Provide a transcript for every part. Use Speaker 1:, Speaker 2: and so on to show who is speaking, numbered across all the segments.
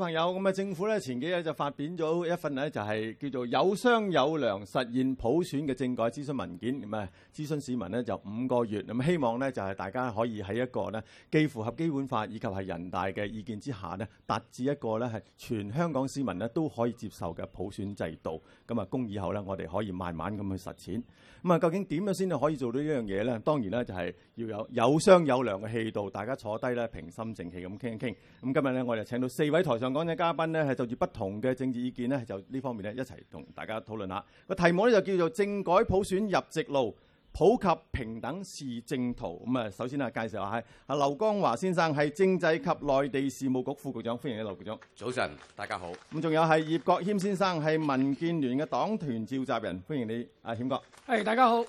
Speaker 1: 朋友咁啊，政府呢前幾日就發表咗一份呢，就係叫做有商有量實現普選嘅政改諮詢文件，咁啊諮詢市民呢，就五個月，咁希望呢，就係大家可以喺一個呢，既符合基本法以及係人大嘅意見之下呢，達至一個呢，係全香港市民呢都可以接受嘅普選制度，咁啊公以後呢，我哋可以慢慢咁去實踐。咁啊究竟點樣先可以做到呢樣嘢呢？當然呢，就係要有有商有量嘅氣度，大家坐低呢，平心靜氣咁傾一傾。咁今日呢，我就請到四位台上，講嘅嘉賓呢，係就住不同嘅政治意見呢，就呢方面呢，一齊同大家討論下個題目呢，就叫做政改普選入直路，普及平等是正途。咁啊，首先啊，介紹下係阿劉江華先生係政制及內地事務局副局長，歡迎你，劉局長。早晨，大家好。咁仲有係葉國謙先生係民建聯嘅黨團召集人，歡迎你，阿謙哥。係，hey, 大家好。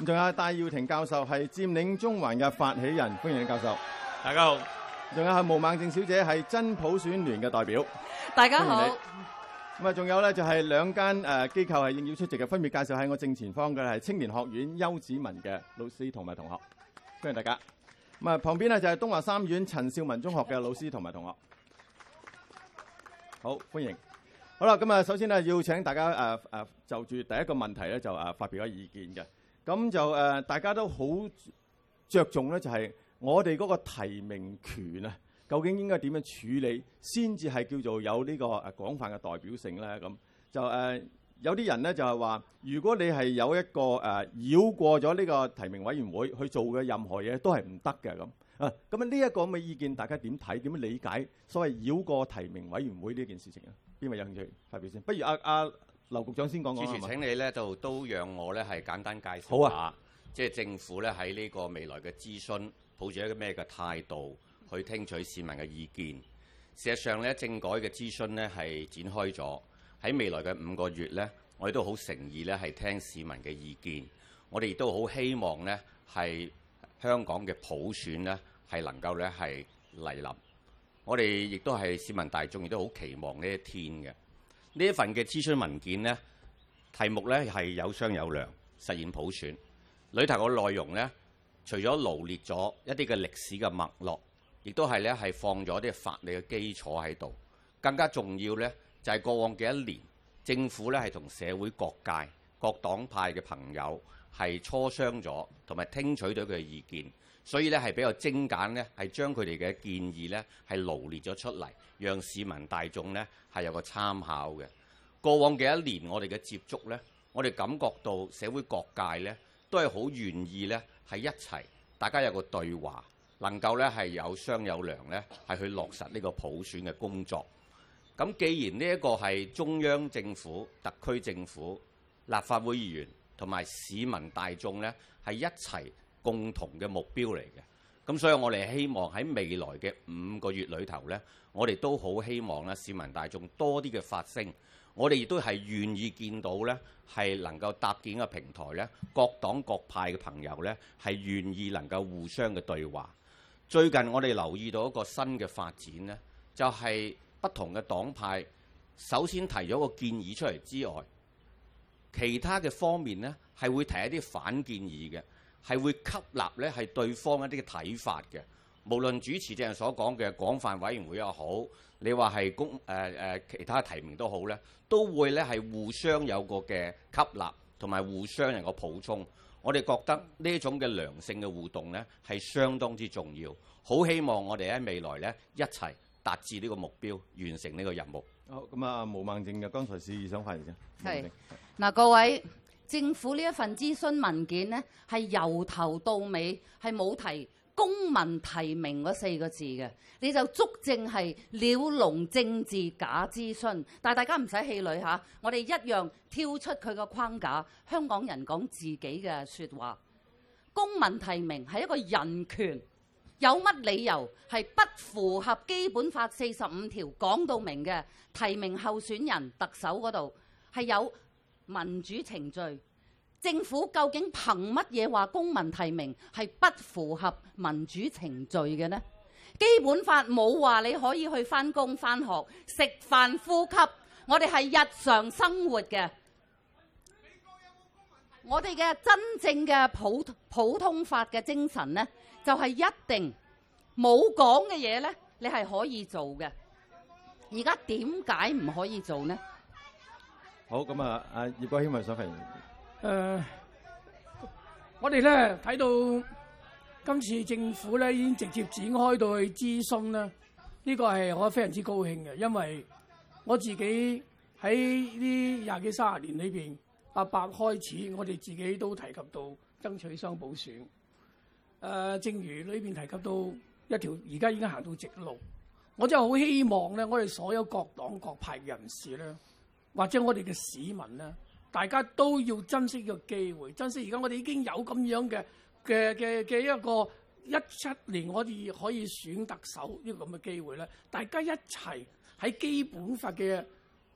Speaker 1: 咁仲有戴耀廷教授係佔領中環嘅發起人，歡迎你，教授。大家好。仲有係毛孟靜小姐係真普選聯嘅代表，
Speaker 2: 大家好。咁
Speaker 1: 啊，仲有咧就係兩間誒機構係應邀出席嘅，分別介紹喺我正前方嘅係青年學院邱子文嘅老師同埋同學，歡迎大家。咁啊，旁邊呢就係東華三院陳少文中學嘅老師同埋同學，好歡迎。好啦，咁啊，首先呢，要請大家誒誒就住第一個問題咧就誒發表個意見嘅。咁就誒大家都好着重咧就係、是。我哋嗰個提名權啊，究竟應該點樣處理，先至係叫做有呢個誒廣泛嘅代表性咧？咁就誒、呃、有啲人咧就係、是、話，如果你係有一個誒、啊、繞過咗呢個提名委員會去做嘅任何嘢，都係唔得嘅咁啊。咁啊呢一個咁嘅意見，大家點睇？點樣理解所謂繞過提名委員會呢件事情啊？邊位有興趣發表先？不如阿、啊、阿、啊、劉局長先講講。主持人請
Speaker 3: 你咧，嗎就都讓我咧係簡單介紹下。即係政府咧，喺呢個未來嘅諮詢，抱住一個咩嘅態度去聽取市民嘅意見？事實上咧，政改嘅諮詢咧係展開咗喺未來嘅五個月咧，我哋都好誠意咧係聽市民嘅意見。我哋亦都好希望咧係香港嘅普選咧係能夠咧係嚟臨。我哋亦都係市民大眾亦都好期望呢一天嘅呢一份嘅諮詢文件咧題目咧係有商有量實現普選。裏頭個內容呢，除咗羅列咗一啲嘅歷史嘅脈絡，亦都係呢係放咗啲法理嘅基礎喺度。更加重要呢，就係過往幾一年，政府呢係同社會各界、各黨派嘅朋友係磋商咗，同埋聽取到佢嘅意見，所以呢，係比較精簡呢係將佢哋嘅建議呢係羅列咗出嚟，讓市民大眾呢係有個參考嘅。過往幾一年我，我哋嘅接觸呢，我哋感覺到社會各界呢。都係好願意咧，係一齊，大家有個對話，能夠咧係有商有量咧，係去落實呢個普選嘅工作。咁既然呢一個係中央政府、特區政府、立法會議員同埋市民大眾，呢係一齊共同嘅目標嚟嘅。咁所以我哋希望喺未來嘅五個月裏頭，呢我哋都好希望咧市民大眾多啲嘅發聲。我哋亦都係願意見到，呢係能夠搭建一個平台，呢各黨各派嘅朋友呢係願意能夠互相嘅對話。最近我哋留意到一個新嘅發展，呢就係不同嘅黨派首先提咗個建議出嚟之外，其他嘅方面呢係會提一啲反建議嘅，係會吸納呢係對方一啲嘅睇法嘅。無論主持正人所講嘅廣泛委員會又好，你話係公誒誒、呃呃、其他提名都好咧，都會咧係互相有個嘅吸納，同埋互相有一個補充。我哋覺得呢種嘅良性嘅互動咧，係相當之重要。好希望我哋喺未來咧一齊達至呢個目標，完成呢個任務。好，咁啊，毛孟靜嘅，剛
Speaker 1: 才示意想發言先。
Speaker 2: 係是，嗱各位，政府呢一份諮詢文件咧，係由頭到尾係冇提，公民提名嗰四個字嘅，你就足證係鳥籠政治假諮詢，但係大家唔使氣餒吓，我哋一樣跳出佢嘅框架，香港人講自己嘅說話。公民提名係一個人權，有乜理由係不符合基本法四十五條講到明嘅提名候選人特首嗰度係有民主程序？政府究竟憑乜嘢話公民提名係不符合民主程序嘅呢？基本法冇話你可以去返工、返學、食飯、呼吸，我哋係日常生活嘅。我哋嘅真正嘅普普通法嘅精神呢，就係、是、一定冇講嘅嘢呢，你係可以做嘅。而家點解唔可以做呢？
Speaker 1: 好咁啊，阿葉國謙咪所係。
Speaker 4: 誒、呃，我哋咧睇到今次政府咧已經直接展開到去諮詢啦，呢、這個係我非常之高興嘅，因為我自己喺呢廿幾三十年裏邊，八八開始，我哋自己都提及到爭取雙普選。誒、呃，正如裏邊提及到一條，而家已經行到直路，我真係好希望咧，我哋所有各黨各派人士咧，或者我哋嘅市民咧。大家都要珍惜個機會，珍惜而家我哋已經有咁樣嘅嘅嘅嘅一個一七年我哋可以選特首、呢個、呢個咁嘅機會咧，大家一齊喺基本法嘅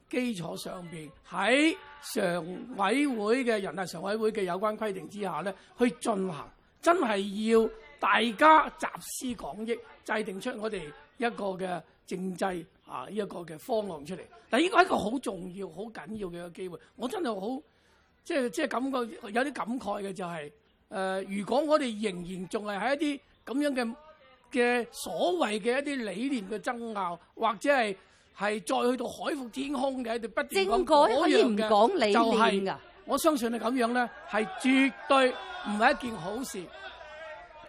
Speaker 4: 基礎上邊，喺常委會嘅人大常委會嘅有關規定之下咧，去進行，真係要大家集思廣益，制定出我哋一個嘅政制。啊！依、這、一個嘅方案出嚟，但依個係一個好重要、好緊要嘅一個機會。我真係好，即係即係感覺有啲感慨嘅就係、是、誒、呃、如果我哋仍然仲係喺一啲咁樣嘅嘅所謂嘅一啲理念嘅爭拗，或者係係再去到海闊天空嘅喺度不斷講唔講理就係、是、噶，我相信你咁樣咧，係絕對唔係一件好事。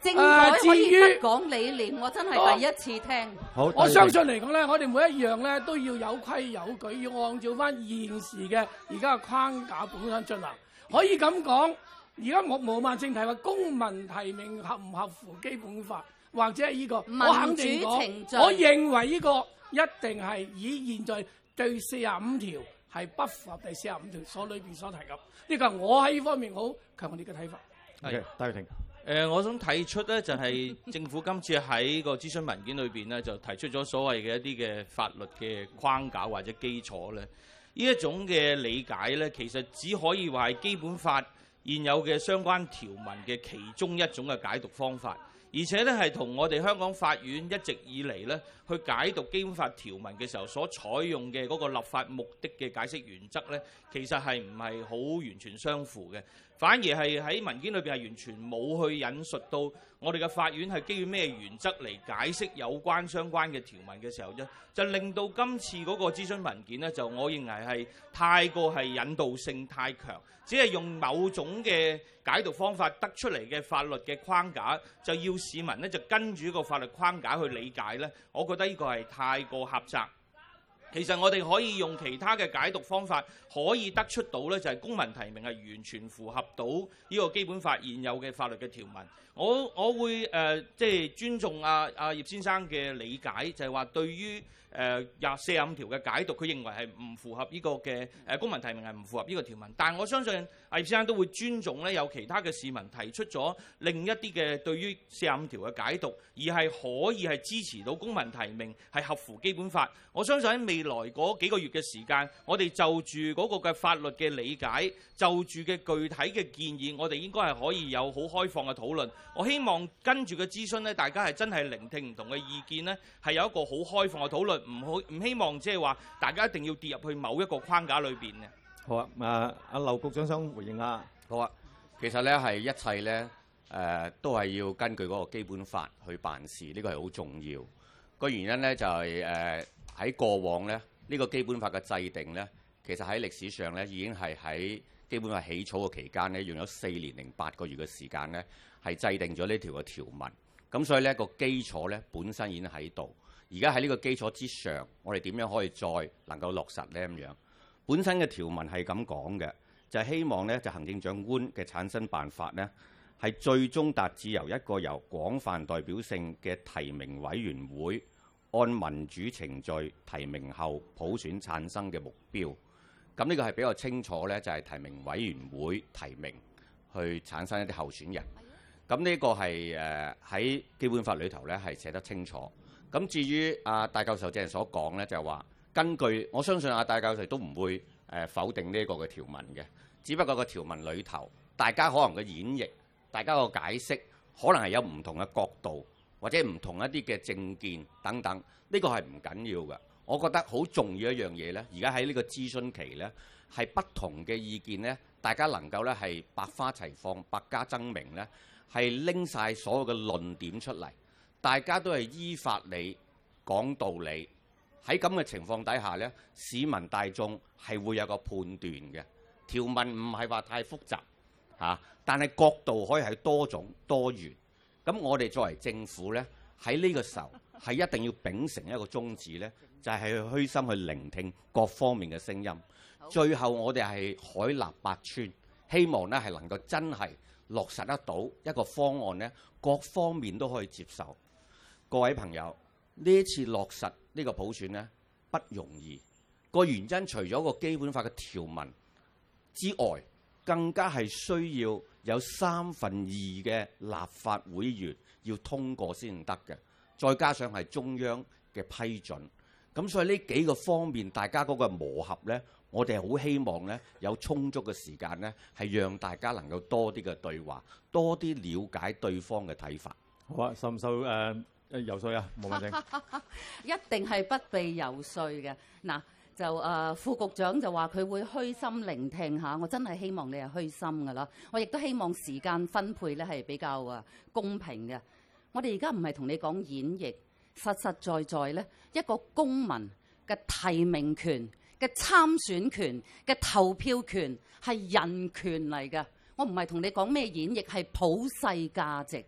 Speaker 2: 至於講理念，呃、我真係第一
Speaker 4: 次聽。
Speaker 2: 哦、好，我相信
Speaker 4: 嚟講咧，我哋每一樣咧都要有規有矩，要按照翻現時嘅而家嘅框架本身進行。可以咁講，而家冇冇漫正題話公民提名合唔合乎基本法，或者係、這、呢個？我肯定講，我認為呢個一定係以現在對四十五條係不符合第四十五條所裏邊所提及。呢、呢個係我喺呢方面好強烈嘅睇法。o
Speaker 5: 大雨誒、呃，我想提出咧，就係、是、政府今次喺個諮詢文件裏邊咧，就提出咗所謂嘅一啲嘅法律嘅框架或者基礎咧。呢一種嘅理解咧，其實只可以話係基本法現有嘅相關條文嘅其中一種嘅解讀方法，而且咧係同我哋香港法院一直以嚟咧，去解讀基本法條文嘅時候，所採用嘅嗰個立法目的嘅解釋原則咧，其實係唔係好完全相符嘅？反而係喺文件裏邊係完全冇去引述到我哋嘅法院係基於咩原則嚟解釋有關相關嘅條文嘅時候啫，就令到今次嗰個諮詢文件咧，就我認為係太過係引導性太強，只係用某種嘅解讀方法得出嚟嘅法律嘅框架，就要市民咧就跟住個法律框架去理解咧，我。覺得呢個係太過狹窄，其實我哋可以用其他嘅解讀方法，可以得出到呢就係、是、公民提名係完全符合到呢個基本法現有嘅法律嘅條文。我我會誒即、呃就是、尊重阿阿葉先生嘅理解，就係、是、話對於，誒廿、呃、四五條嘅解讀，佢認為係唔符合呢個嘅、呃、公民提名係唔符合呢個條文。但我相信葉先生都會尊重咧，有其他嘅市民提出咗另一啲嘅對於四五條嘅解讀，而係可以係支持到公民提名係合乎基本法。我相信喺未來嗰幾個月嘅時間，我哋就住嗰個嘅法律嘅理解，就住嘅具體嘅建議，我哋應該係可以有好開放嘅討論。我希望跟住嘅諮詢咧，大家係真係聆聽唔同嘅意見咧，係有一個好開放嘅討論。唔好唔希望，即係話大家一定要跌入去某一個框架裏邊嘅。
Speaker 3: 好啊，阿、啊、阿劉局長想回應啊。好啊，其實咧係一切咧，誒、呃、都係要根據嗰個基本法去辦事，呢個係好重要。個原因咧就係誒喺過往咧，呢、呢個基本法嘅制定咧，其實喺歷史上咧已經係喺基本法起草嘅期間咧，用咗四年零八個月嘅時間咧，係制定咗呢條嘅條文。咁所以咧、個基礎咧本身已經喺度。而家喺呢個基礎之上，我哋點樣可以再能夠落實呢？咁樣本身嘅條文係咁講嘅，就係希望咧，就行政長官嘅產生辦法咧，係最終達至由一個由廣泛代表性嘅提名委員會按民主程序提名後普選產生嘅目標。咁呢個係比較清楚咧，就係提名委員會提名去產生一啲候選人。咁呢個係誒喺基本法裡頭咧係寫得清楚。咁至於阿戴教授之前所講呢，就係話根據我相信阿戴教授都唔會誒否定呢個嘅條文嘅，只不過個條文裏頭大家可能嘅演繹，大家個解釋可能係有唔同嘅角度，或者唔同一啲嘅政見等等，呢個係唔緊要嘅。我覺得好重要一樣嘢呢，而家喺呢個諮詢期呢，係不同嘅意見呢，大家能夠呢係百花齊放、百家爭鳴呢，係拎晒所有嘅論點出嚟。大家都係依法理講道理，喺咁嘅情況底下呢，市民大眾係會有一個判斷嘅條文，唔係話太複雜嚇、啊，但係角度可以係多種多元。咁我哋作為政府呢，喺呢個時候係一定要秉承一個宗旨呢，就係、是、去虛心去聆聽各方面嘅聲音。最後我哋係海納百川，希望呢係能夠真係落實得到一個方案呢，各方面都可以接受。各位朋友，呢一次落實呢個普選呢，不容易，個原因除咗個基本法嘅條文之外，更加係需要有三分二嘅立法會員要通過先得嘅，再加上係中央嘅批准。咁所以呢幾個方面，大家嗰個磨合呢，我哋好希望呢，有充足嘅時間呢，係讓大家能夠多啲嘅對話，多啲了解對方嘅睇法。好啊，陳秀誒。呃遊説啊，冇
Speaker 1: 問
Speaker 2: 題一定係不被游説嘅。嗱，就誒、呃、副局長就話佢會虛心聆聽下，我真係希望你係虛心噶啦。我亦都希望時間分配咧係比較啊公平嘅。我哋而家唔係同你講演繹，實實在在咧一個公民嘅提名權、嘅參選權、嘅投票權係人權嚟嘅。我唔係同你講咩演繹，係普世價值。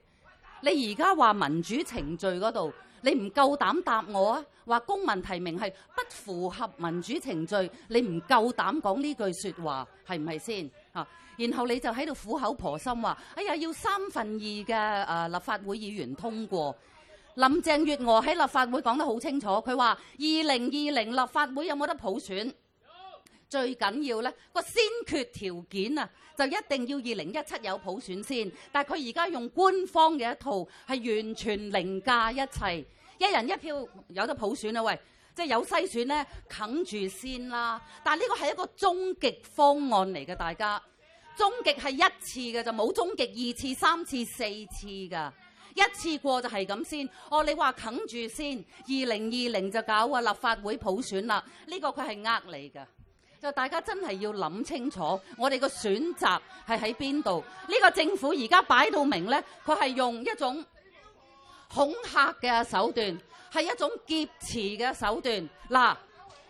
Speaker 2: 你而家話民主程序嗰度，你唔夠膽答我啊？話公民提名係不符合民主程序，你唔夠膽講呢句説話，係唔係先？啊，然後你就喺度苦口婆心話，哎呀，要三分二嘅、啊、立法會議員通過。林鄭月娥喺立法會講得好清楚，佢話二零二零立法會有冇得普選？最緊要呢個先決條件啊，就一定要二零一七有普選先。但係佢而家用官方嘅一套係完全凌駕一切，一人一票有得普選啊，喂，即係有篩選呢，啃住先啦。但係呢個係一個終極方案嚟嘅，大家終極係一次嘅就冇終極，二次、三次、四次嘅一次過就係咁先。哦，你話啃住先，二零二零就搞個立法會普選啦。呢個佢係呃你嘅。就大家真係要諗清楚，我哋個選擇係喺邊度？呢個政府而家擺到明呢，佢係用一種恐嚇嘅手段，係一種劫持嘅手段嗱。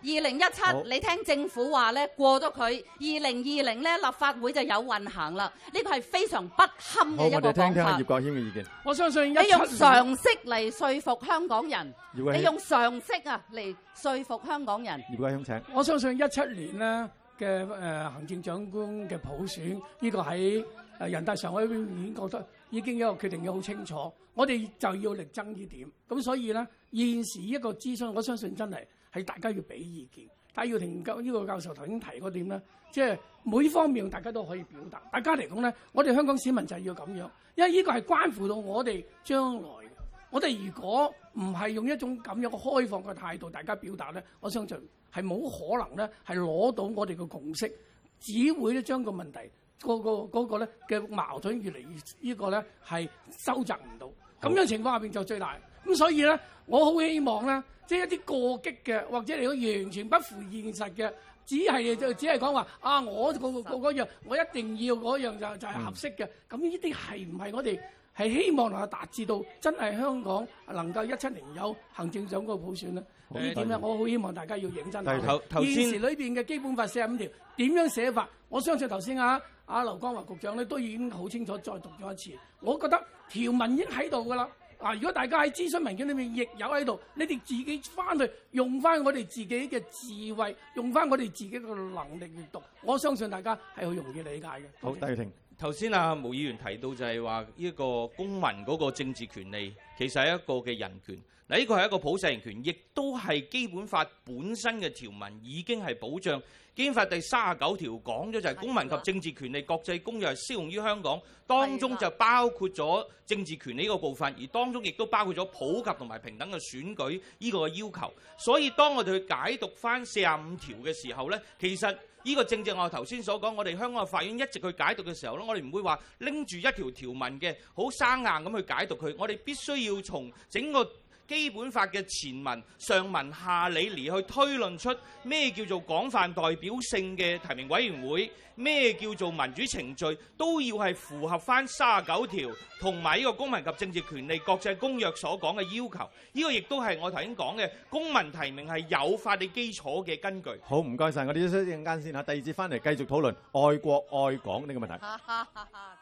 Speaker 2: 二零一七，2017, 好你聽政府話咧過咗佢，二零二零咧立法會就有運行啦。呢、這個係非常不堪嘅一個講法。好，我聽聽下葉國謙嘅意見。我相信一七你用常識嚟説服香港人，葉你用常識啊嚟説服香港人。
Speaker 1: 葉國謙請。
Speaker 4: 我相信一七年咧嘅誒行政長官嘅普選，呢、這個喺人大常委邊已經覺得已經有個決定嘅好清楚。我哋就要力爭呢點。咁所以咧現時一個諮詢，我相信真係。係大家要俾意見，但係要停教呢個教授頭先提嗰點咧，即係每方面大家都可以表達。大家嚟講咧，我哋香港市民就係要咁樣，因為呢個係關乎到我哋將來的。我哋如果唔係用一種咁樣嘅開放嘅態度，大家表達咧，我相信係冇可能咧，係攞到我哋嘅共識，只會咧將個問題、嗰個、嗰個嗰咧嘅矛盾越嚟越、呢個、呢個咧係收窄唔到。咁樣的情況下邊就最大。咁所以咧，我好希望咧。即係一啲過激嘅，或者你都完全不符現實嘅，只係就只係講話啊！我個個嗰樣，我一定要嗰樣就就係合適嘅。咁呢啲係唔係我哋係希望能夠達至到真係香港能夠一七年有行政長官普選咧？呢點咧，我好希望大家要認真。但係頭頭先，現時裏邊嘅基本法四十五條點樣寫法？我相信頭先啊啊劉江華局長咧都已經好清楚再讀咗一次。我覺得條文已經喺度㗎啦。啊！如果大家喺諮詢文件裏面亦有喺度，你哋自己翻去用翻我哋自己嘅智慧，用翻我哋自己嘅能力嚟讀，我相信大家係好容易理解嘅。好，戴
Speaker 5: 庭。頭先啊，毛議員提到就係話呢個公民嗰個政治權利其實係一個嘅人權。嗱，呢個係一個普世人權，亦都係基本法本身嘅條文已經係保障。基本法第三十九條講咗就係公民及政治權利的國際公約係適用於香港，當中就包括咗政治權利呢個部分，而當中亦都包括咗普及同埋平等嘅選舉呢個要求。所以當我哋去解讀返四十五條嘅時候呢，其實呢個正正我頭先所講，我哋香港嘅法院一直去解讀嘅時候呢，我哋唔會話拎住一條條文嘅好生硬咁去解讀佢，我哋必須要從整個基本法嘅前文、上文、下理而去推論出咩叫做廣泛代表性嘅提名委員會，咩叫做民主程序，都要係符合翻三十九條同埋呢個《公民及政治權利國際公約》所講嘅要求。呢個亦都係我頭先講嘅公民提名係有法理基礎嘅根據。
Speaker 1: 好，唔該晒，我哋休息一陣間先嚇，第二節翻嚟繼續討論愛國愛港呢個問題。嚇！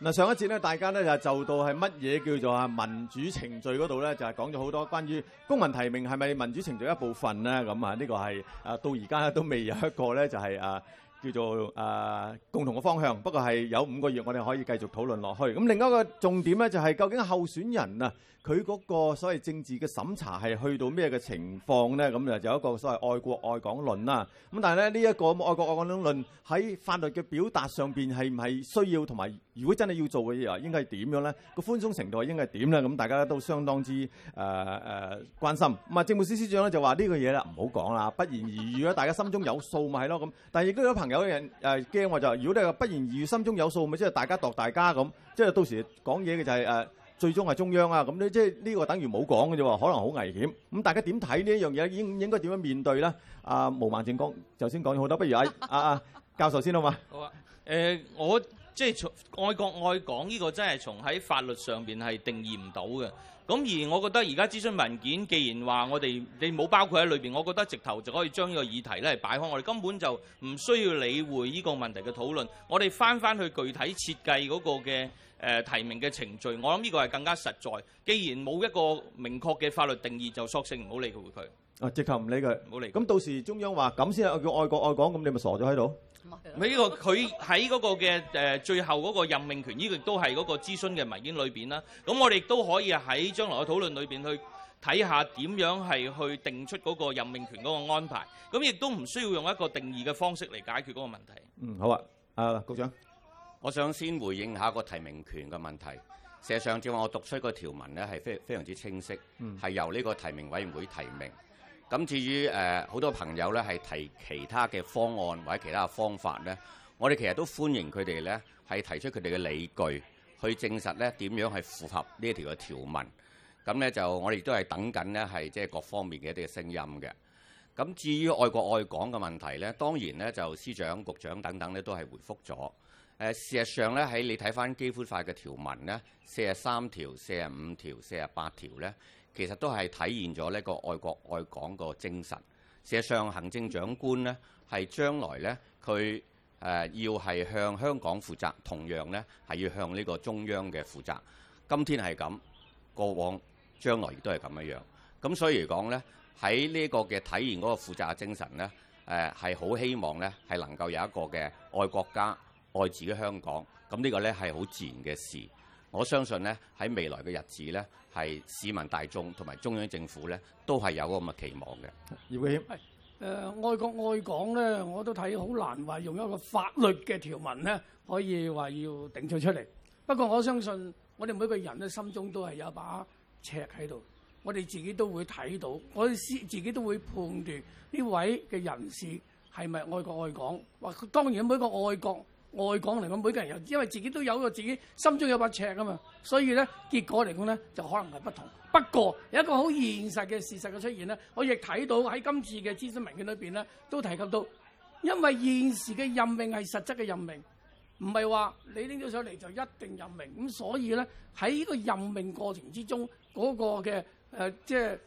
Speaker 1: 嗱，上一節咧，大家咧就就到係乜嘢叫做啊民主程序嗰度咧，就係講咗好多關於公民提名係咪民主程序一部分咧咁啊。呢個係啊到而家都未有一個咧就係、啊、叫做、啊、共同嘅方向，不過係有五個月我哋可以繼續討論落去。咁另外一個重點咧就係究竟候選人啊？佢嗰個所謂政治嘅審查係去到咩嘅情況咧？咁咧就有一個所謂愛國愛港論啦。咁但係咧呢一個愛國愛港論喺法律嘅表達上邊係唔係需要，同埋如果真係要做嘅嘢，應該係點樣咧？個寬鬆程度應該係點咧？咁大家都相當之誒誒關心。咁啊，政務司司長咧就話呢個嘢啦，唔好講啦，不言而喻啦。大家心中有數咪係咯咁。但係亦都有朋友嘅人誒驚我話就係，如果你話不言而喻，心中有數咪即係大家度大家咁，即係到時講嘢嘅就係誒。最終係中央啊！咁咧，即係呢個等於冇講嘅啫喎，可能好危險。咁大家點睇呢一樣嘢？應應該點樣面對咧？啊，毛孟靜講，頭先講咗好多，不如啊，阿、啊、教授先好嘛？
Speaker 5: 好啊。誒、呃，我即係從愛國愛港呢個真係從喺法律上邊係定義唔到嘅。咁而我覺得而家諮詢文件既然話我哋你冇包括喺裏邊，我覺得直頭就可以將呢個議題咧係擺開，我哋根本就唔需要理會呢個問題嘅討論。我哋翻翻去具體設計嗰個嘅，誒提名嘅程序，我諗呢個係更加實在。既然冇一個明確嘅法律定義，就索性唔好理佢佢。啊，
Speaker 1: 直頭唔理佢，唔好理。咁到時中央話咁先係叫愛國愛港，咁你咪傻咗喺度？
Speaker 5: 唔係呢個佢喺嗰個嘅誒最後嗰個任命權，呢個都係嗰個諮詢嘅文件裏邊啦。咁我哋亦都可以喺將來嘅討論裏邊去睇下點樣係去定出嗰個任命權嗰個安排。咁亦都唔需要用一個定義嘅方式嚟解決嗰個問題。
Speaker 3: 嗯，好啊，啊，局長。我想先回應一下個提名權嘅問題。事實上，正如我讀出個條文咧，係非非常之清晰，係、嗯、由呢個提名委員會提名。咁至於誒好、呃、多朋友咧係提其他嘅方案或者其他嘅方法咧，我哋其實都歡迎佢哋咧係提出佢哋嘅理據去證實咧點樣係符合呢一條嘅條文。咁咧就我哋都係等緊咧係即係各方面嘅一啲嘅聲音嘅。咁至於愛國愛港嘅問題咧，當然咧就司長、局長等等咧都係回覆咗。誒，事實上咧，喺你睇翻《基本法》嘅條文咧，四十三條、四十五條、四十八條咧，其實都係體現咗呢個愛國愛港個精神。事實上，行政長官咧係將來咧，佢誒、呃、要係向香港負責，同樣咧係要向呢個中央嘅負責。今天係咁，過往、將來亦都係咁樣樣。咁所以嚟講咧，喺呢個嘅體現嗰個負責嘅精神咧，誒係好希望咧係能夠有一個嘅愛國家。愛自己香港，咁呢個咧係好自然嘅事。我相信咧喺未來嘅日子咧，係市民大眾同埋中央政府咧都係有咁嘅期望嘅。葉偉
Speaker 4: 添，誒愛國愛港咧，我都睇好難話用一個法律嘅條文咧可以話要頂咗出嚟。不過我相信我哋每個人咧心中都係有一把尺喺度，我哋自己都會睇到，我哋自己都會判斷呢位嘅人士係咪愛國愛港。話當然每個愛國。外港嚟講，每個人又因為自己都有個自己心中有把尺啊嘛，所以咧結果嚟講咧就可能係不同。不過有一個好現實嘅事實嘅出現咧，我亦睇到喺今次嘅諮詢文件裏邊咧都提及到，因為現時嘅任命係實質嘅任命，唔係話你拎咗上嚟就一定任命，咁所以咧喺呢個任命過程之中嗰個嘅誒、呃、即係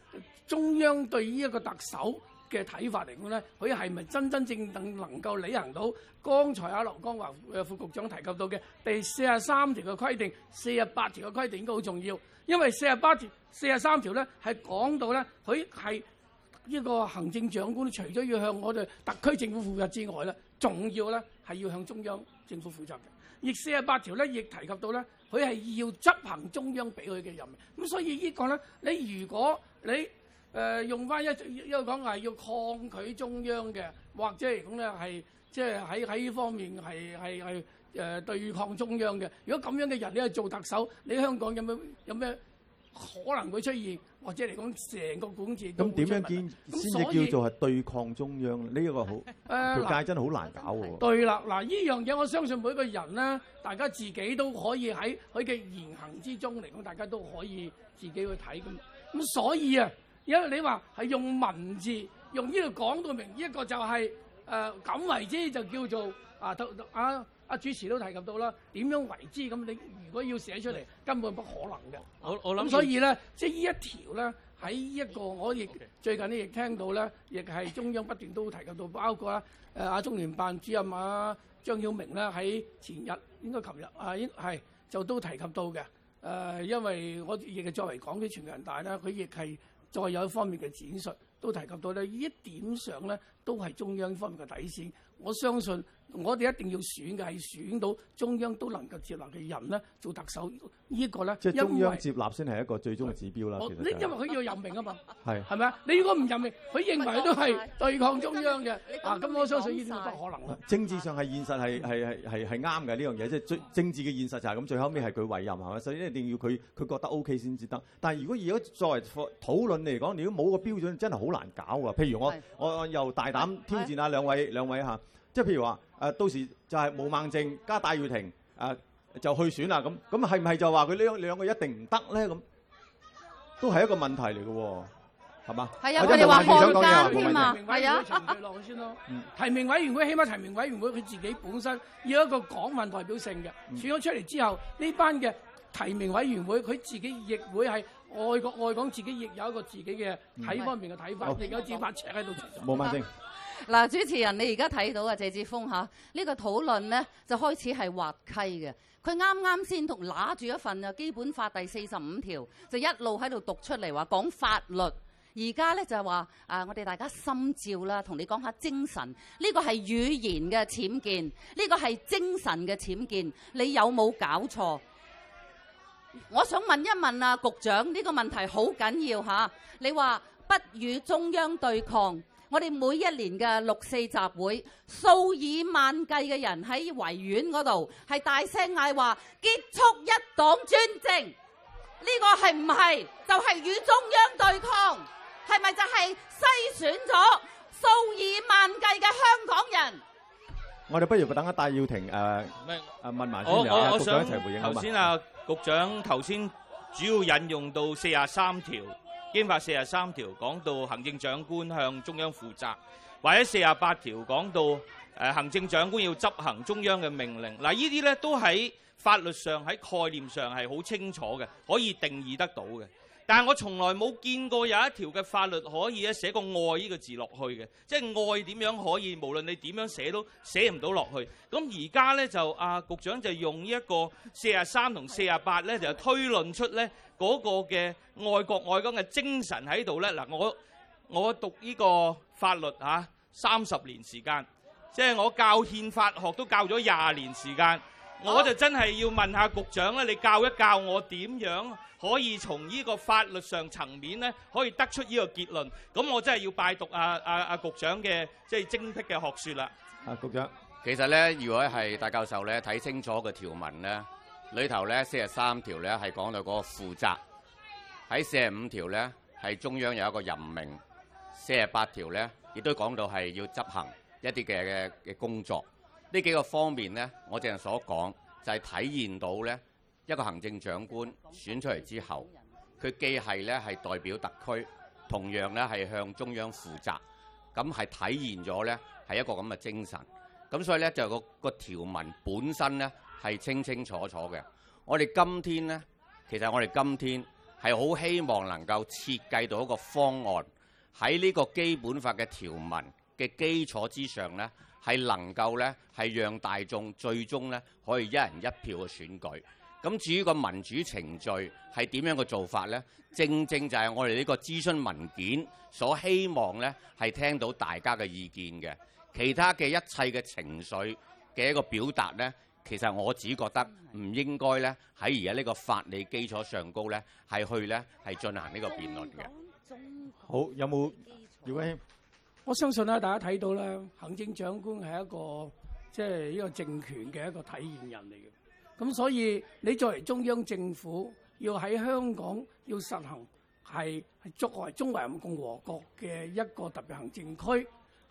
Speaker 4: 中央對呢一個特首。嘅睇法嚟講咧，佢係咪真真正正能夠履行到剛才阿劉江華副局長提及到嘅第四十三條嘅規定、四十八條嘅規定，應該好重要。因為四十八條，四十三條咧係講到咧，佢係呢個行政長官除咗要向我哋特區政府負責之外咧，仲要咧係要向中央政府負責嘅。而四十八條咧亦提及到咧，佢係要執行中央俾佢嘅任命。咁所以呢個咧，你如果你誒、呃、用翻一一個講係要抗拒中央嘅，或者嚟講咧係即係喺喺呢方面係係係誒對抗中央嘅。如果咁樣嘅人你係做特首，你香港有冇有咩可能會出現，或者嚟講成個管治咁點樣見先至叫做係
Speaker 1: 對抗中央呢？一以、啊、個好條界真係好難搞喎。啊、對
Speaker 4: 啦，嗱、啊、呢樣嘢我相信每個人咧，大家自己都可以喺佢嘅言行之中嚟講，大家都可以自己去睇咁咁，所以啊。因為你話係用文字用呢度講到明，一、呢個就係誒咁為之就叫做啊，啊啊主持都提及到啦，點樣為之咁？你如果要寫出嚟，根本不可能嘅。我我諗，啊、所以咧，即係呢一條咧，喺呢一個我亦 Okay. 最近咧亦聽到咧，亦係中央不斷都提及到，包括啦誒阿中聯辦主任啊張曉明啦、啊，喺前日應該琴日啊，係就都提及到嘅。誒、啊，因為我亦係作為港區全國人大咧，佢亦係。再有一方面嘅闡述都提及到咧，呢一點上咧都係中央方面嘅底線，我相信。我哋一定要選嘅係選到中央都能夠接納嘅人咧做特首，這個、呢個咧，即係中央接
Speaker 1: 納先係一個最終嘅指標啦。我、就是、因為
Speaker 4: 佢要任命啊嘛，係係咪啊？你如果唔任命，佢認為都係對抗中央嘅啊！咁說我相信依啲冇可能的政
Speaker 1: 治上是。政治上係現實係係係係係啱嘅呢樣嘢，即係最政治嘅現實就係、是、咁。最後尾係佢委任係咪？所以一定要佢佢覺得 O K 先至得。但係如果現在作為討論嚟講，如果冇個標準，真係好難搞㗎。譬如我是我又大膽挑戰兩是兩兩下兩位兩位嚇，即係譬如話。誒、啊、到時就係毛孟靜加戴耀廷，誒、啊、就去選啦咁，咁係唔係就話佢呢兩個一定唔得咧咁？都係一個問題嚟嘅喎，係嘛？係啊，佢哋話過家添啊，係啊。嗯，
Speaker 4: 提名委員會起碼提名委員會佢自己本身要一個廣泛代表性嘅，嗯、選咗出嚟之後，呢班嘅提名委員會佢自己亦會係愛國愛港自己亦有一個自己嘅睇方、嗯、是方面嘅睇法，亦、哦、有戰法尺喺度。毛孟靜。啊
Speaker 2: 嗱，主持人，你而家睇到啊，謝志峰嚇，呢個討論呢，就開始係滑稽嘅。佢啱啱先同揦住一份啊《基本法》第四十五條，就一路喺度讀出嚟話講法律。而家呢，就係話啊，我哋大家心照啦，同你講下精神。呢個係語言嘅僭建，呢個係精神嘅僭建。你有冇搞錯？我想問一問啊，局長，呢個問題好緊要嚇。你話不與中央對抗。我哋每一年嘅六四集會，數以萬計嘅人喺維園嗰度，係大聲嗌話結束一黨專政。呢個係唔係就係與中央對抗？係咪就係篩選咗數以萬計嘅香港人？
Speaker 1: 我哋不如等下戴耀廷誒誒問埋先，同阿局長一齊回應啊嘛。頭先
Speaker 5: 啊，局長頭先主要引用到四廿三條。《憲法》四十三條講到行政長官向中央負責，或者四十八條講到行政長官要執行中央嘅命令。嗱，呢啲咧都喺法律上喺概念上係好清楚嘅，可以定義得到嘅。但係我從來冇見過有一條嘅法律可以咧寫個愛呢、呢個字落去嘅，即係愛點樣可以，無論你點樣寫都寫唔到落去。咁而家咧就阿、啊、局長就用呢一個四十三同四十八咧就推論出咧。嗰個嘅愛國愛港嘅精神喺度呢。嗱，我我讀呢個法律吓三十年時間，即係我教憲法學都教咗廿年時間，我就真係要問下局長咧，你教一教我點樣可以從呢個法律上層面咧，可以得出呢個結論？咁我真係要拜讀阿阿阿局長嘅即係精辟嘅學説啦。
Speaker 3: 阿局長，其實呢，如果係大教授呢睇清楚個條文呢。裏頭咧，四十三條咧係講到嗰個負責；喺四十五條咧，係中央有一個任命；四十八條咧，亦都講到係要執行一啲嘅嘅工作。呢幾個方面咧，我正如所講，就係體現到咧一個行政長官選出嚟之後，佢既係咧係代表特區，同樣咧係向中央負責。咁係體現咗咧係一個咁嘅精神。咁所以咧就是那個個條文本身咧。係清清楚楚嘅。我哋今天呢，其實我哋今天係好希望能夠設計到一個方案喺呢個基本法嘅條文嘅基礎之上呢，係能夠呢，係讓大眾最終呢可以一人一票嘅選舉。咁至於個民主程序係點樣嘅做法呢？正正就係我哋呢個諮詢文件所希望呢，係聽到大家嘅意見嘅，其他嘅一切嘅情緒嘅一個表達呢。其實我只覺得唔應該咧喺而家呢個法理基礎上高咧係去咧係進行呢個辯論嘅。好，
Speaker 1: 有冇姚？
Speaker 4: 我相信咧，大家睇到咧，行政長官係一個即係、就是、一個政權嘅一個體現人嚟嘅。咁所以你作為中央政府要喺香港要實行係係作為中華人民共和國嘅一個特別行政區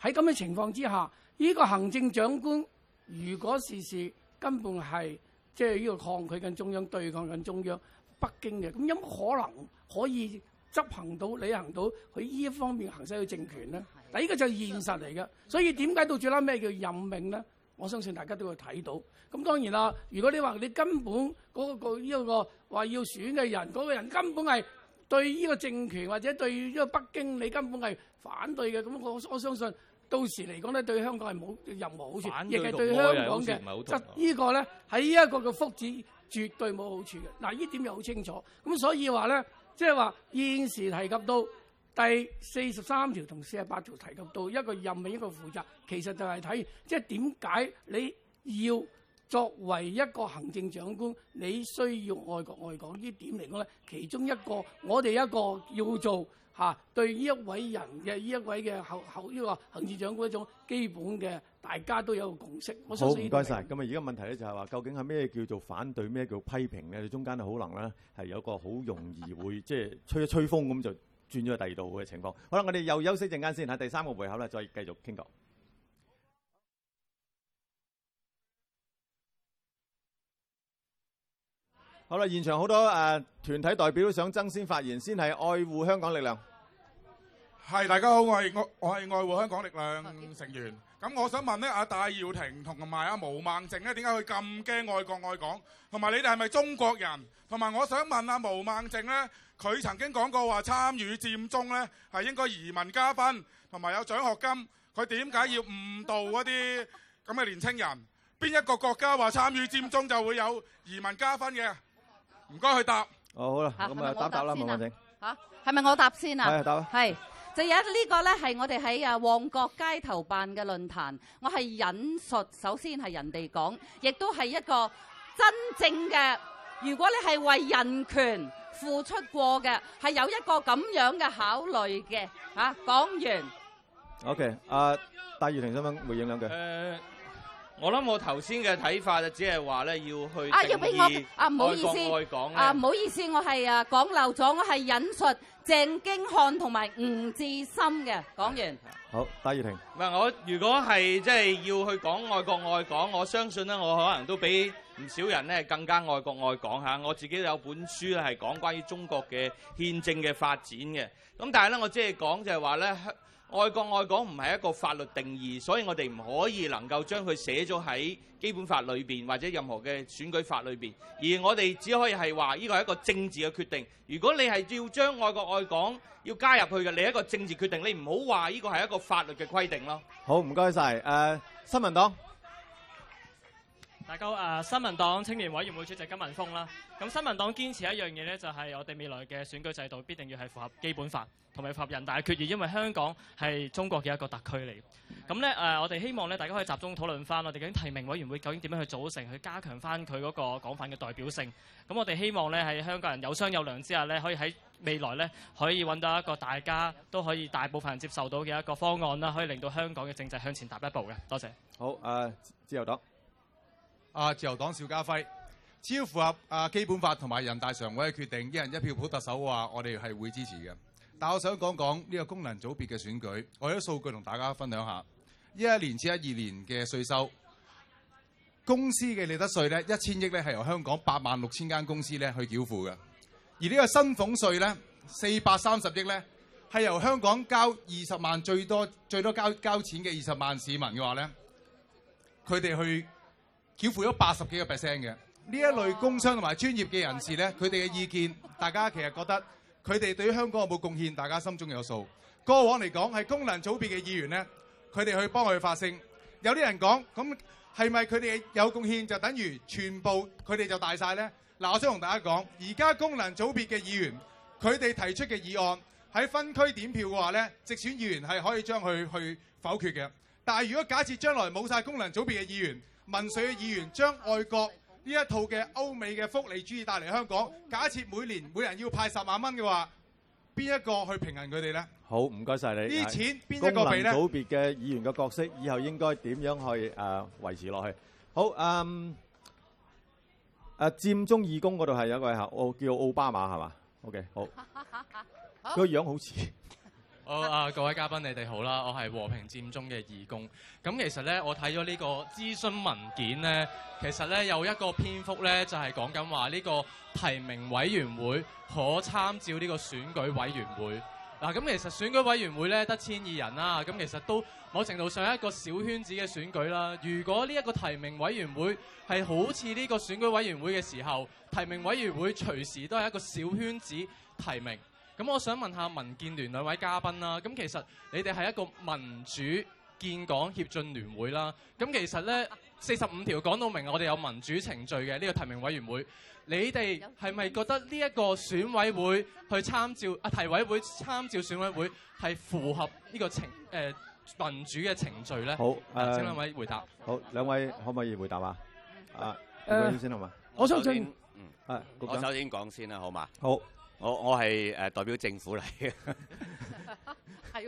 Speaker 4: 喺咁嘅情況之下，呢、這個行政長官如果事事。根本係即係呢個抗拒緊中央對抗緊中央北京嘅，咁有冇可能可以執行到履行到佢呢一方面行使佢政權咧？但係呢個就係現實嚟嘅，所以點解到最後咩叫任命咧？我相信大家都會睇到。咁當然啦，如果你話你根本嗰個呢個話要選嘅人，嗰個人根本係對呢個政權或者對呢個北京，你根本係反對嘅，咁我我相信。到時嚟講咧，對香港係冇任何好處，亦係反對，對香港嘅，即呢個咧喺呢一個嘅福祉絕對冇好處嘅。嗱、啊，呢點又好清楚。咁所以話咧，即係話現時提及到第四十三條同四十八條提及到一個任命一個負責，其實就係睇即係點解你要作為一個行政長官，你需要愛國愛港呢點嚟講咧，其中一個我哋一個要做。啊，對呢一位人嘅呢一位嘅後後呢、這個行政長官一種基本嘅大家都有共識。好，唔該晒，
Speaker 1: 咁啊，而家問題咧就係話，究竟係咩叫做反對，咩叫批評咧？中間可能咧係有一個好容易會 即係吹一吹風咁就轉咗第二度嘅情況。好啦，我哋又休息陣間先，喺第三個回合咧再繼續傾講。好啦，現場好多誒團、呃、體代表都想爭先發言，先係愛護香港力量。係，大家好，我係
Speaker 6: 我我係愛護香港力量成員。咁我想問呢，阿戴耀廷同埋阿毛孟靜呢，點解佢咁驚愛國愛港？同埋你哋係咪中國人？同埋我想問阿毛孟靜呢，佢曾經講過話參與佔中呢係應該移民加分，同埋有獎學金。佢點解要誤導嗰啲咁嘅年輕人？邊一個國家話參與佔中就會有移民加分嘅？唔該去答。
Speaker 5: 哦，好
Speaker 1: 啦，
Speaker 6: 咁啊，答答啦，毛孟靜。
Speaker 2: 嚇，係咪我答先啊？係。第一、這個、呢個咧係我哋喺啊旺角街頭辦嘅論壇，我係引述首先係人哋講，亦都係一個真正嘅。如果你係為人權付出過嘅，係有一個咁樣嘅考慮嘅嚇。講、啊、完。O、
Speaker 1: okay, K，啊，戴
Speaker 5: 耀廷先生回應兩句。我諗我頭先嘅睇法就只係話呢：要去
Speaker 2: 啊，要俾我啊，唔好意思愛愛啊，唔好意思，我係啊講漏咗，我係引述。鄭經翰同埋吳志森嘅講完，
Speaker 1: 好，戴耀廷，
Speaker 5: 唔係我如果係即係要去講愛國愛港，我相信咧，我可能都比唔少人咧更加愛國愛港吓。我自己都有本書咧，係講關於中國嘅憲政嘅發展嘅。咁但係咧，我即係講就係話咧。愛國愛港唔係一個法律定義，所以我哋唔可以能夠將佢寫咗喺基本法裏面，或者任何嘅選舉法裏面。而我哋只可以係話呢個係一個政治嘅決定。如果你係要將愛國愛港要加入去嘅，你一個政治決定，你唔好話呢個係一個法律嘅規定咯。好，唔
Speaker 1: 該晒，誒，uh，新民黨。
Speaker 5: 大家好，誒，新民黨青年
Speaker 3: 委員會主席金文峰啦。咁新民黨堅持一樣嘢呢，就係我哋未來嘅選舉制度必定要係符合基本法
Speaker 5: 同埋符合人大的決議，因為香港係中國嘅一個特區嚟。咁呢，我哋希望呢，大家可以集中討論翻我哋究竟提名委員會究竟點樣去組成，去加強翻佢嗰個廣泛嘅代表性。咁我哋希望呢，喺香港人有商有量之下呢，可以喺未來呢，
Speaker 6: 可以揾到一個大家都可以大部分人接受到嘅一個方案啦，可以令到香港嘅政制向前踏一步嘅。多謝。
Speaker 1: 好，誒，啊，自由黨。
Speaker 6: 啊！自由黨邵家輝，只要符合啊，基本法同埋人大常委嘅決定，一人一票普特首嘅話，我哋係會支持嘅。但我想講講呢個功能組別嘅選舉，我有啲數據同大家分享一下。一一年至一二年嘅稅收，公司嘅利得稅咧一千億咧係由香港八萬六千間公司咧去繳付嘅，而個新呢個薪俸稅咧四百三十億咧係由香港交二十萬最多最多交交錢嘅二十萬市民嘅話咧，佢哋去。繳付咗八十幾個 percent 嘅呢一類工商同埋專業嘅人士咧，佢哋嘅意見，大家其實覺得佢哋對於香港有冇貢獻，大家心中有數。過往嚟講，係功能組別嘅議員咧，佢哋去幫佢發聲。有啲人講，咁係咪佢哋有貢獻就等於全部佢哋就大晒咧？嗱，我想同大家講，而家功能組別嘅議員，佢哋提出嘅議案喺分區點票嘅話咧，直選議員係可以將佢去否決嘅。但係如果假設將來冇晒功能組別嘅議員，民粹嘅議員將外國呢一套嘅歐美嘅福利主義帶嚟香港，假設每年每人要派十萬蚊嘅話，邊一個去平衡佢哋咧？
Speaker 1: 好，唔該晒你。啲錢邊一個俾咧？功能組別嘅議員嘅角色以後應該點樣去以誒維持落去？好，誒、嗯、佔、呃、中義工嗰度係有一位嚇，叫奧巴馬係嘛？OK，好。個 好樣好似。
Speaker 6: 好啊，oh, uh, 各位嘉賓，你哋好啦，我係和平佔中嘅義工。咁其實呢，我睇咗呢個諮詢文件呢，其實呢，有一個篇幅呢，就係講緊話呢個提名委員會可參照呢個選舉委員會。嗱，咁其實選舉委員會呢，得千二人啦、啊，咁其實都某程度上係一個小圈子嘅選舉啦。如果呢一個提名委員會係好似呢個選舉委員會嘅時候，提名委員會隨時都係一個小圈子提名。咁我想問下民建聯兩位嘉賓啦、啊，咁其實你哋係一個民主建港協進聯會啦、啊，咁其實咧四十五條講到明，我哋有民主程序嘅呢、呢個提名委員會，你哋係咪覺得呢一個選委會去參照啊提委會參照選委會係符合呢個程、呃、民主嘅程序咧？好，呃、請兩位回答。
Speaker 1: 好，兩位可唔可以回答、嗯、啊？先先好嘛，我想
Speaker 3: 先我首先講先啦，好嘛？好。我我係誒、呃、代表政府嚟
Speaker 2: 嘅，係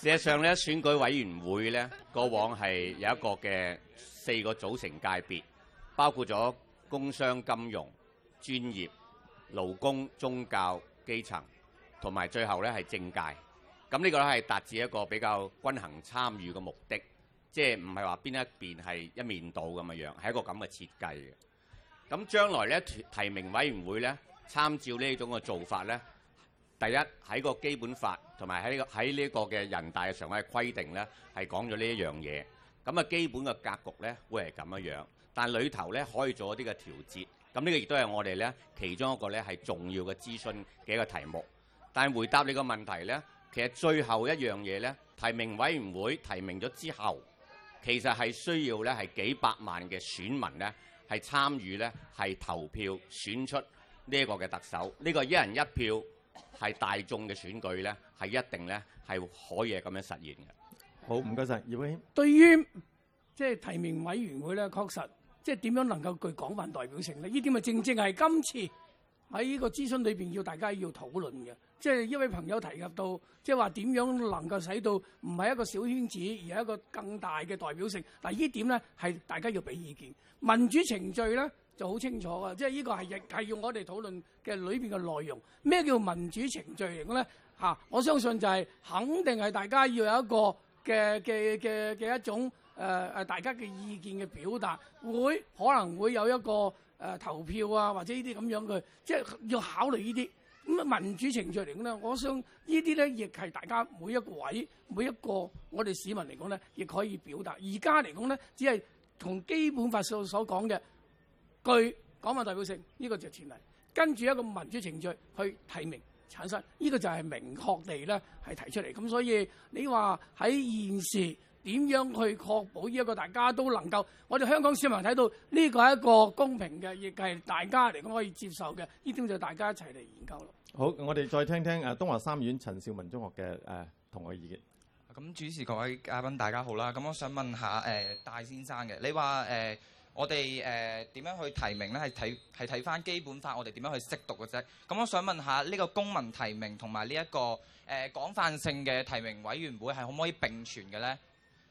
Speaker 2: 事實上
Speaker 3: 咧，選舉委員會咧，過往係有一個嘅四個組成界別，包括咗工商金融、專業、勞工、宗教、基層，同埋最後咧係政界。咁呢個咧係達至一個比較均衡參與嘅目的，即係唔係話邊一邊係一面倒咁嘅樣，係一個咁嘅設計嘅。咁將來咧提名委員會咧。參照呢種嘅做法咧，第一喺個基本法同埋喺個喺呢個嘅人大嘅常委嘅規定咧，係講咗呢一樣嘢。咁啊，基本嘅格局咧會係咁樣樣，但係裏頭可以做一啲嘅調節。咁呢個亦都係我哋咧其中一個咧係重要嘅諮詢嘅一個題目。但係回答你個問題咧，其實最後一樣嘢咧，提名委員會提名咗之後，其實係需要咧係幾百萬嘅選民咧係參與咧係投票選出。呢一個嘅特首，呢個一人一票係大眾嘅選舉咧，係一定咧係可以咁樣實現嘅。好，唔該晒葉國謙。
Speaker 4: 對於即係提名委員會咧，確實即係點樣能夠具廣泛代表性咧？呢點咪正正係今次喺呢個諮詢裏邊要大家要討論嘅。即係一位朋友提及到，即係話點樣能夠使到唔係一個小圈子，而係一個更大嘅代表性。但係，呢點咧係大家要俾意見。民主程序咧，就好清楚啊，即係呢個係亦係要我哋討論嘅裏邊嘅內容。咩叫民主程序嚟嘅咧？吓、啊，我相信就係肯定係大家要有一個嘅嘅嘅嘅一種誒誒、呃、大家嘅意見嘅表達會可能會有一個誒、呃、投票啊，或者呢啲咁樣嘅，即係要考慮呢啲咁啊民主程序嚟嘅咧。我想呢啲咧亦係大家每一個位每一個我哋市民嚟講咧，亦可以表達而家嚟講咧，只係從基本法上所講嘅。據港民代表性，呢個就前提，跟住一個民主程序去提名產生，呢個就係明確地咧係提出嚟。咁所以你話喺現時點樣去確保呢一個大家都能夠，我哋香港市民睇到呢個係一個公平嘅，亦係大家嚟講可以接受嘅。呢點就大家一齊嚟研究咯。
Speaker 1: 好，我哋再聽聽誒東華三院陳兆文中學嘅誒同學意見。
Speaker 7: 咁主持、各位嘉賓大家好啦，咁我想問下誒戴先生嘅，你話誒、呃我哋誒點樣去提名呢？係睇係睇翻基本法，我哋點樣去識讀嘅啫？咁我想問下呢個公民提名同埋呢一個誒、呃、廣泛性嘅提名委員會係可唔可以並存嘅呢？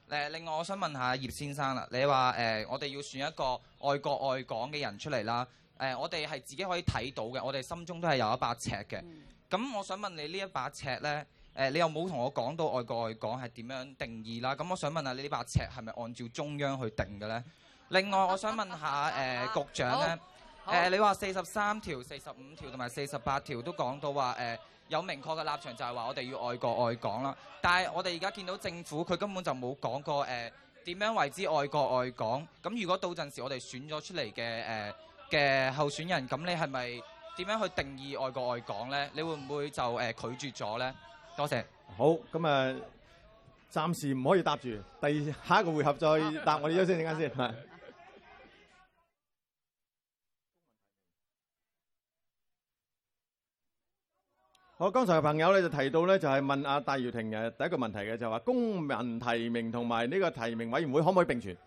Speaker 7: 誒，另外我想問下葉先生啦，你話誒、呃、我哋要選一個愛國愛港嘅人出嚟啦。誒、呃，我哋係自己可以睇到嘅，我哋心中都係有一把尺嘅。咁我想問你呢一把尺呢？誒、呃，你有冇同我講到愛國愛港係點樣定義啦？咁我想問下你呢把尺係咪按照中央去定嘅呢？另外，我想問下誒局長咧，誒、呃、你話四十三條、四十五條同埋四十八條都講到話誒有明確嘅立場，就係話我哋要愛國愛港啦。但係我哋而家見到政府，佢根本就冇講過誒點、呃、樣為之愛國愛港。咁如果到陣時我哋選咗出嚟嘅誒嘅候選人，咁你係咪點樣去定義愛國愛港咧？你會唔會就誒、呃、拒絕咗咧？多謝。
Speaker 1: 好，咁啊，暫時唔可以答住，第下一個回合再答，我哋休息陣間先。 好，剛才的朋友咧就提到咧，就係、是、問阿戴耀廷誒第一個問題嘅就話公民提名同埋呢個提名委員會可唔可以並存？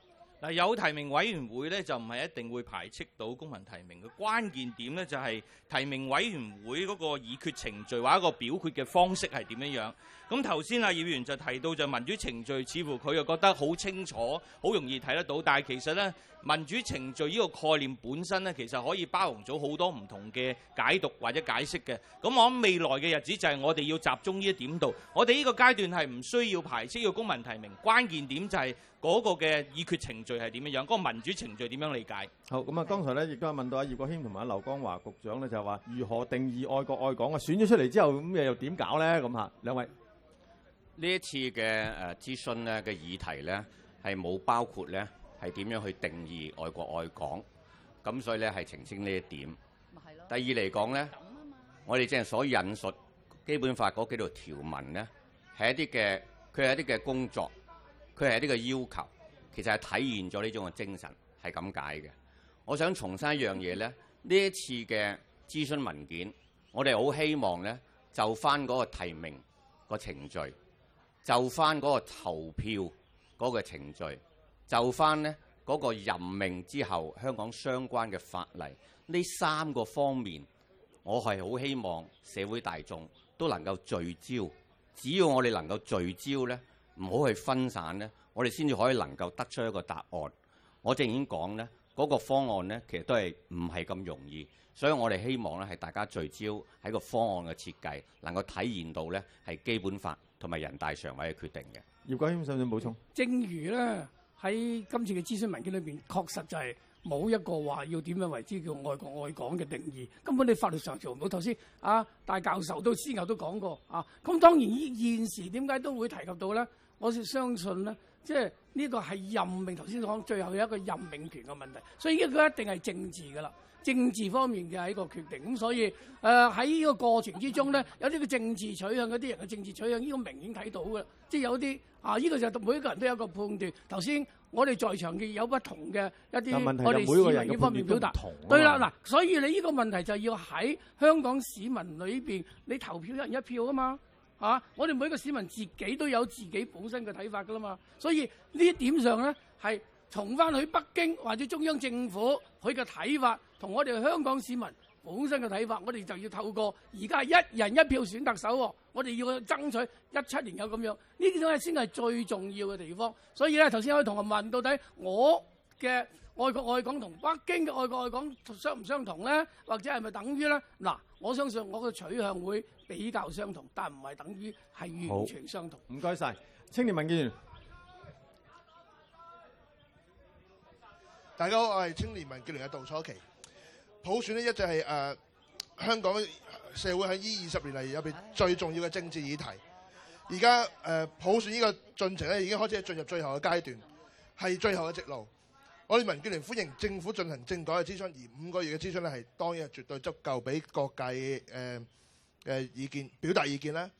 Speaker 5: 有提名委員會咧，就唔係一定會排斥到公民提名嘅。關鍵點咧就係提名委員會嗰個議決程序，或一個表決嘅方式係點樣樣。咁頭先啊，議員就提到就民主程序，似乎佢又覺得好清楚、好容易睇得到。但係其實咧，民主程序呢個概念本身咧，其實可以包容咗好多唔同嘅解讀或者解釋嘅。咁我諗未來嘅日子就係我哋要集中呢一點度。我哋呢個階段係唔需要排斥要公民提名。關鍵點就係、是。嗰個嘅議決程序係點樣樣？嗰、那個民主程序點樣理解？
Speaker 1: 好咁啊！剛才咧亦都係問到啊葉國謙同埋啊劉江華局長咧，就係話如何定義愛國愛港啊？選咗出嚟之後咁嘢又點
Speaker 3: 搞咧？咁嚇兩位呢一次嘅誒諮詢咧嘅議題咧係冇包括咧係點樣去定義愛國愛港咁，所以咧係澄清呢一點。係咯。第二嚟講咧，我哋正係所引述基本法嗰幾條條文咧，係一啲嘅佢係一啲嘅工作。佢係呢個要求，其實係體現咗呢種嘅精神，係咁解嘅。我想重申一樣嘢呢：呢一次嘅諮詢文件，我哋好希望呢就翻嗰個提名個程序，就翻嗰個投票嗰個程序，就翻呢嗰個任命之後香港相關嘅法例呢三個方面，我係好希望社會大眾都能夠聚焦。只要我哋能夠聚焦呢。唔好去分散咧，我哋先至可以能夠得出一個答案。我正已經講咧，嗰個方案咧，其實都係唔係咁容易，所以我哋希望咧，係大家聚焦喺個方案嘅設計，能夠體現到咧係基本法同埋人大常委嘅決定嘅。
Speaker 1: 葉國謙想唔想補充？
Speaker 4: 正如咧喺今次嘅諮詢文件裏邊，確實就係、是。冇一個話要點樣為之叫愛國愛港嘅定義，根本你法律上就冇頭先啊，大教授都，先有都講過、師牛都講過啊。咁當然依現時點解都會提及到咧，我是相信咧，即係呢、這個係任命，頭先講最後有一個任命權嘅問題。所以呢個一定係政治㗎啦，政治方面嘅一個決定。咁所以誒喺呢個過程之中咧，有啲嘅政治取向，嗰啲人嘅政治取向，呢、這個明顯睇到㗎，即係有啲。啊！依、呢個就係每一個人都有一個判斷。頭先我哋在場嘅有不同嘅一啲我哋市民呢方面表達。對啦，嗱，所以你呢個問題就要喺香港市民裏面，你投票一人一票啊嘛。嚇，我哋每個市民自己都有自己本身嘅睇法㗎啦嘛。所以呢一點上咧，係重翻去北京或者中央政府佢嘅睇法，同我哋香港市民。本身嘅睇法，我哋就要透過而家一人一票選特首，我哋要去爭取一七年有咁樣呢啲先係最重要嘅地方。所以咧，頭先可以同學問到底我嘅愛國愛港同北京嘅愛國愛港相唔相同咧，或者係咪等於咧？嗱，我相信我嘅取向會比較相同，但唔係等於係完全相同。
Speaker 1: 唔該晒，青年民建聯，
Speaker 5: 大家好，我係青年民建聯嘅杜初奇。普選咧，一直係誒、呃、香港社會喺呢二十年嚟入邊最重要嘅政治議題現在。而家誒，普選呢個進程咧，已經開始進入最後嘅階段，係最後嘅直路。我哋民建聯歡迎政府進行政改嘅諮詢，而五個月嘅諮詢咧係當然係絕對足夠俾各界誒嘅、呃、意見表達意見啦。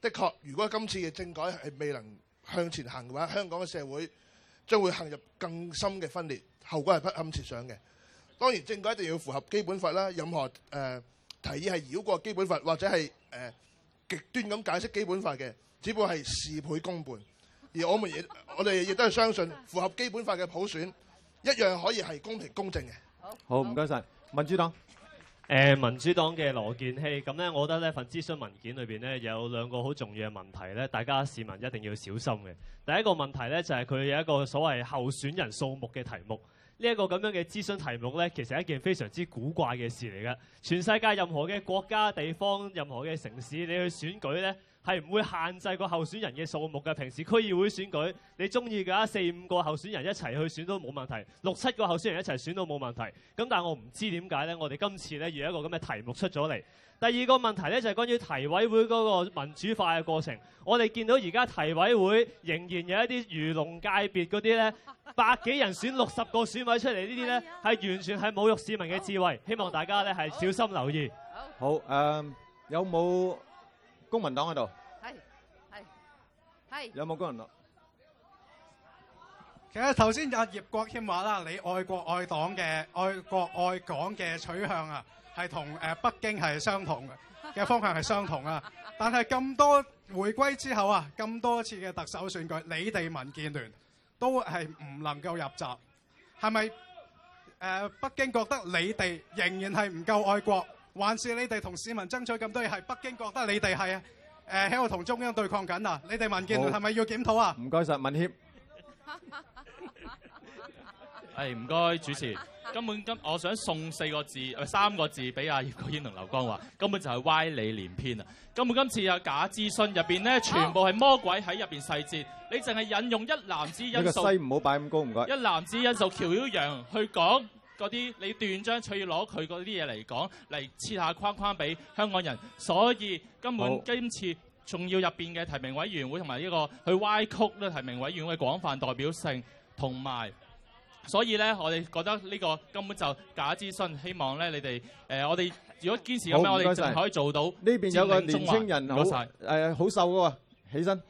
Speaker 5: 的確，如果今次嘅政改係未能向前行嘅話，香港嘅社會將會陷入更深嘅分裂，後果係不堪設想嘅。當然，政府一定要符合基本法啦。任何誒、呃、提議係繞過基本法，或者係誒、呃、極端咁解釋基本法嘅，只不過係事倍功半。而我們亦我哋亦都係相信，符合基本法嘅普選一樣可以係公平公正嘅。好，唔該晒，民主黨。誒、呃，民主黨嘅羅健熙，咁咧，我覺得呢份諮詢文件裏邊咧有兩個好重要嘅問題咧，大家市民一定要小心嘅。第一個問題咧就係佢有一個所謂候選人數目嘅題目。呢一個咁樣嘅諮詢題目呢，其實係一件非常之古怪嘅事嚟㗎。全世界任何嘅國家、地方、任何嘅城市，你去選舉呢，係唔會限制個候選人嘅數目嘅。平時區議會選舉，你中意嘅四五個候選人一齊去選都冇問題，六七個候選人一齊選都冇問題。咁但係我唔知點解呢，我哋今次呢，有一個咁嘅題目出咗嚟。第二個問題咧，就係、是、關於提委會嗰個民主化嘅過程。我哋見到而家提委會仍然有一啲漁農界別嗰啲咧，百幾人選六十個選委出嚟，呢啲咧係完全係侮辱市民嘅智慧。希望大家咧係小心留意。好，呃、有冇
Speaker 6: 公民黨喺度？
Speaker 2: 係，係，有冇公
Speaker 6: 民黨？其實頭先就葉國謙話啦，你愛國愛黨嘅愛國愛港嘅取向啊。係同誒北京係相同嘅嘅方向係相同啊！但係咁多回歸之後啊，咁多次嘅特首選舉，你哋民建聯都係唔能夠入閘，係咪誒北京覺得你哋仍然係唔夠愛國，還是你哋同市民爭取咁多嘢？係北京覺得你哋係誒喺度同中央對抗緊啊！你哋民建聯係咪要檢討啊？
Speaker 1: 唔該晒，民協。
Speaker 5: 係唔該，哎、主持根本今我想送四個字，唔、呃、三個字俾阿葉國謙同劉江華，根本就係歪理連篇啊！根本今次啊假諮詢入邊咧，全部係魔鬼喺入邊細節，你淨係引用一男子因
Speaker 1: 素，唔好擺咁高，唔該。一
Speaker 5: 男子因素，喬曉陽去講嗰啲，你斷章取義攞佢嗰啲嘢嚟講嚟切下框框俾香港人，所以根本今次仲要入邊嘅提名委員會同埋呢個去歪曲咧提名委員會嘅廣泛代表性同埋。所以咧，我哋覺得呢個根本就假諮詢。希望咧，你哋、呃、我哋如果堅持咁樣，謝謝我哋就可以做到。呢邊有個年青人，
Speaker 1: 誒謝，好瘦嗰個，起身。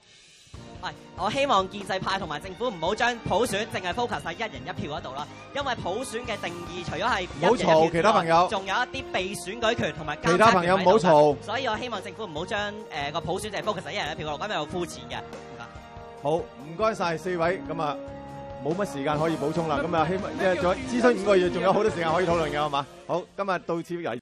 Speaker 7: 喂，我希望建制派同埋政府唔好將普選淨係 focus 曬一人一票嗰度啦，因為普選嘅定義除咗係一人一票，仲有一啲被選舉權同埋其他朋友唔好嘈。吵所以我希望政府唔好將普選淨係 focus 一人一票，我覺得有膚淺嘅。謝謝
Speaker 1: 好，唔該晒四位，咁啊。冇乜時間可以補充啦，咁啊希望即係仲有諮詢五個月，仲有好多時間可以討論嘅，好嘛？
Speaker 2: 好，今日到此為止。